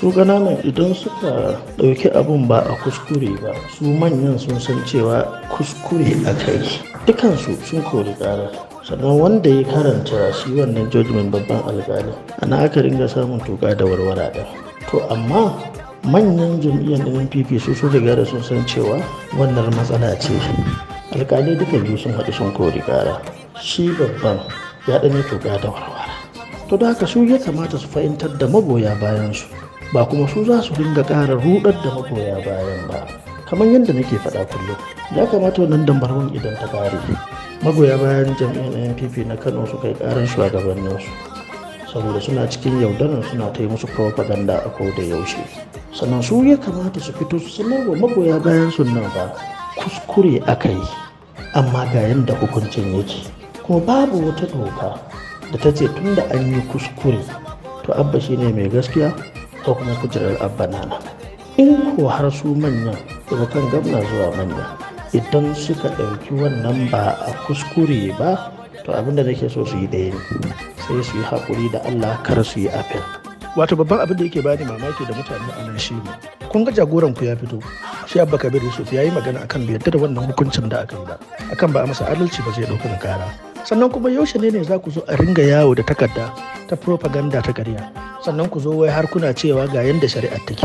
su ƙananan idan suka ɗauki abun ba a kuskure ba su manyan sun san cewa kuskure a kai dukansu sun kori ƙara, sannan wanda ya karanta shi wannan judgment babban alƙali ana aka ringa samun toka da warwara da to amma manyan jam'iyyar npp su sun riga da sun san cewa wannan matsala ce alƙalai duka biyu sun haɗu sun kori ƙara shi babban ya ɗan toka da warwara to da haka su ya kamata su fahimtar da magoya bayansu, ba kuma su za su dinga ƙara rudar da magoya bayan ba kamar yadda nake faɗa kullum ya kamata wannan dambarwan idan ta ƙare magoya bayan jam'iyyar npp na kano su kai ƙarar shugabanninsu saboda suna cikin yaudarar suna ta yi musu propaganda a ko da yaushe sannan su ya kamata su fito su sanar wa magoya bayan su nan ba kuskure aka yi amma ga yadda hukuncin yake kuma babu wata doka da ta ce tun da an yi kuskure to abba shi ne mai gaskiya ko kuma kujerar abba nana in ko har su manyan daga kan gamna zuwa manya idan suka ɗauki wannan ba a kuskure ba to abin da nake so su yi ɗaya ne sai su yi haƙuri da allah kar su yi afin wato babban abin da yake bani mamaki da mutane a nan ne kun ga jagoran ku ya fito shi abba kabir yusuf ya yi magana akan bai yadda da wannan hukuncin da aka yi ba akan ba a masa adalci ba zai ɗauki kara sannan kuma yaushe ne ne za ku zo a ringa yawo da takarda ta propaganda ta ƙarya sannan ku zo wai har kuna cewa ga yadda shari'ar take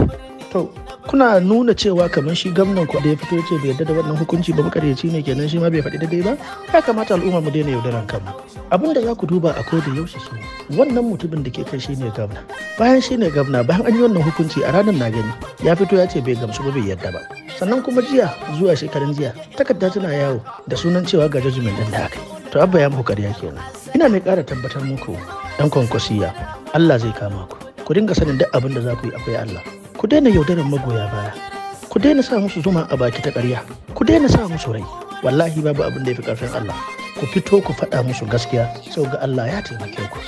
to kuna nuna cewa kamar shi gwamnan ku da ya fito ce bai yarda da wannan hukunci ba makaryaci ne kenan shi ma bai faɗi daidai ba ya kamata al'umma mu daina yaudaran kanmu abin da za ku duba a koda yaushe su, wannan mutumin da ke kai shi ne gwamna bayan shi ne gwamna bayan an yi wannan hukunci a ranar na gani ya fito ya ce bai gamsu ba bai yarda ba sannan kuma jiya zuwa shekarun jiya takarda tana yawo da sunan cewa ga jajimin din da aka yi to abba ya muku karya kenan ina mai ƙara tabbatar muku dan kwankwasiya allah zai kama ku ku dinga sanin duk abin da za ku yi akwai allah ku daina yaudarar magoya baya ku daina sa musu zuma a baki ta ƙarya ku daina sa musu rai wallahi babu abin da ya fi ƙarfin allah ku fito ku faɗa musu gaskiya sau ga allah ya taimake ku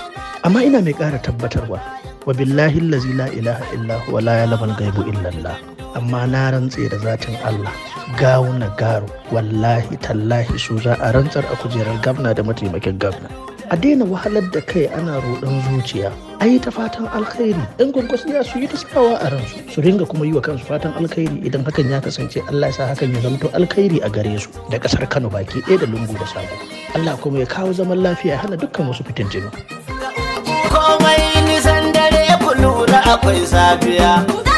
amma ina mai ƙara tabbatarwa wa billahi lazi la ilaha illa huwa la ya amma na rantse da zatin allah gawuna garo wallahi tallahi su za a rantsar a kujerar gamna da mataimakin gamna a daina wahalar da kai ana roɗon zuciya a yi ta fatan alkhairi ɗan ya su yi ta sawa a ransu su ringa kuma yi wa kansu fatan alkhairi idan hakan ya kasance allah sa hakan ya zamto alkhairi a gare su da kasar kano baki ɗaya da lungu da sabo allah kuma ya kawo zaman lafiya ya hana dukkan wasu fitin jini. komai nisan dare ku lura akwai safiya.